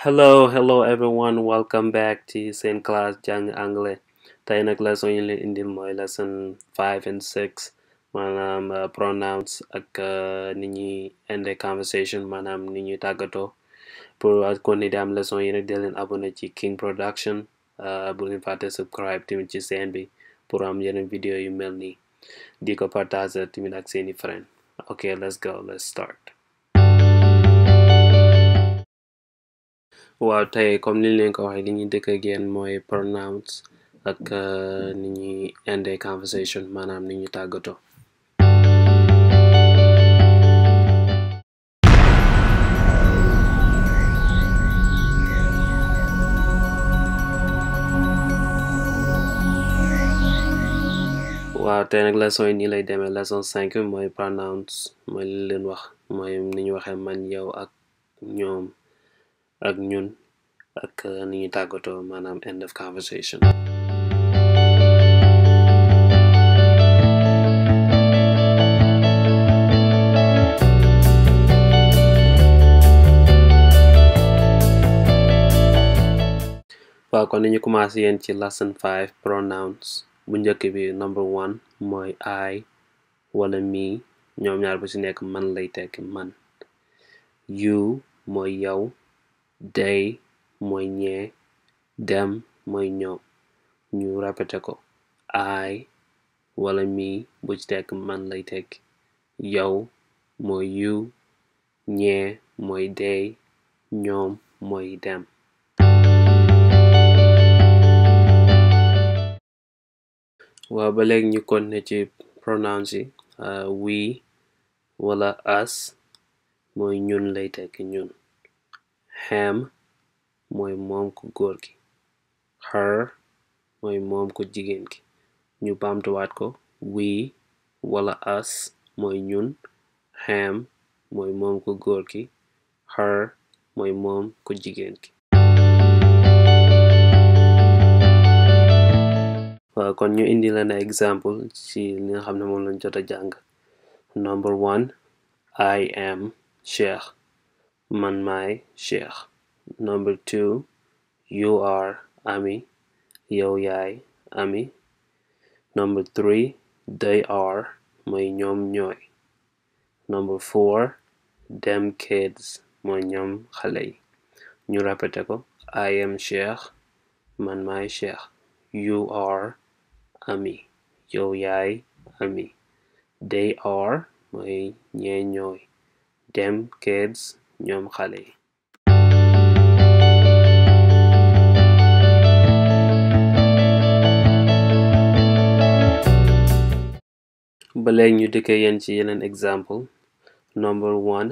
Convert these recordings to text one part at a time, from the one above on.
hello hello everyone welcome back to seen class jàng anglais tey nag leçon yi leen indi mooy lesson five and six maanaam uh, pronouns ak uh, ni ñuy inde conversation maanaam ni ñuy tàggatoo pour kon ni di am leçon yi nag di leen abonné ci King Production bu leen fàtte subscribe tamit ci seen bi pour am yeneen vidéo yu mel ni di ko partager tamit ak seeni friend ok let's go let's start waaw tey comme liñ leen ko waxee li ñuy dëkk a yéen mooy pronouns ak euh, ni ñuy inde conversation maanaam ni ñu tàggatoo waaw tey nag yi nii lay demee leçon cinq mooy pronouns mooy li leen wax mooy ni ñu waxee man yow ak ñoom ak ñun ak uh, ni ñu tàggatoo maanaam end of conversation waaw kon ni ñu commencé yéen ci lesson five pronouns bu njëkk bi number one mooy I wala mi ñoom ñaar bu ci nekk man lay tekki man you mooy yow they mooy ñee them mooy ñoom ñu répété ko I wala me bu ci nekk man lay tekki yow mooy you ñee mooy they ñoom mooy dem waaw ba léegi ñu kon ci pronouns yi uh, wala us mooy ñun lay tekki ñun him mooy mom ku goor ki her mooy mom ku jigeen ki ñu baamtuwaat ko we wala us mooy ñun him mooy mom ku goor ki her mooy mom ku jigéen ki kon ñu indi leen ay exemple ci li nga xam ne moom lañ jot a jàng number one I am Cheikh man maay Cheikh number two you are Ami yow yaay Ami number three they are mooy ñoom ñooy number four them kids mooy ñoom xale yi ñu répété ko am Cheikh man maay Cheikh you are Ami yow yay Ami they are mooy ñee ñooy them kids ñoom xale yi. ba léegi ñu dikkee yéen ci yeneen exemple number one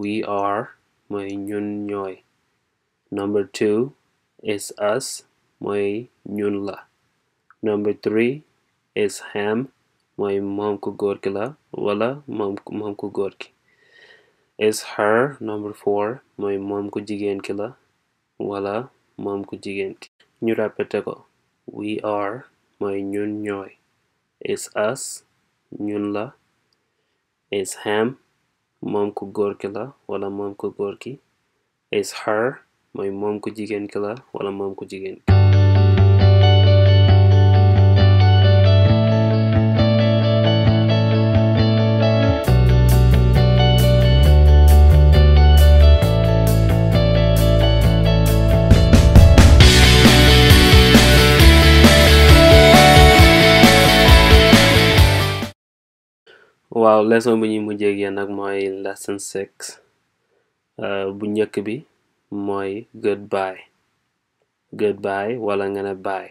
we are mooy ñun ñooy number two is us mooy ñun la number three is him mooy moom ku góor la wala moom moom ku góor is her number four mooy moom ku jigéen ki la wala moom ku jigéen ki ñu répété ko we are mooy ñun ñooy is us ñun la is him moom ku góor la wala moom ku góor ki is her mooy moom ku jigéen ki la wala moom ku jigéen ki waaw leçon bi ñuy mu ak yéen nag mooy lesson six euh, bu njëkk bi mooy goodbye goodbye wala nga ne bye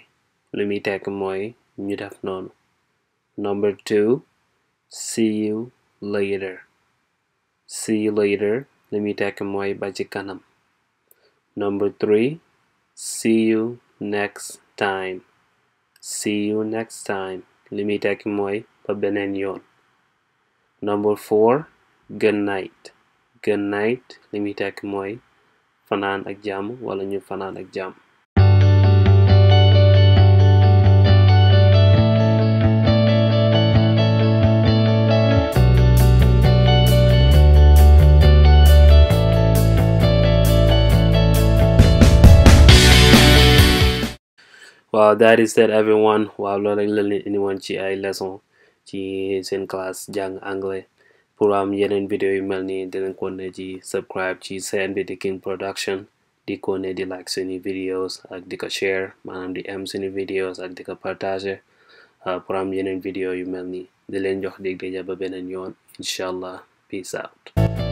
lu muy tekk mooy ñu def noonu number two see you later see you later lu muy tekk mooy ba ci kanam number three see you next time see you next time li muy tekk mooy ba beneen yoon number four good night mooy fanaan ak jàmm wala ñu fanaan ak jàmm waaw that is that everyone waaw loolu lañ leen ci ay leçon ci seen classe jàng anglais pour am yeneen vidéo yu mel nii dinañ ko ne ci subscribe ci seen bi di King Production di ko ne di like seeni videos ak di ko share maanaam di am seeni videos ak di ko partager ah, pour am yeneen vidéo yu mel ni di leen jox dig daje ba beneen yoon incha allah peace out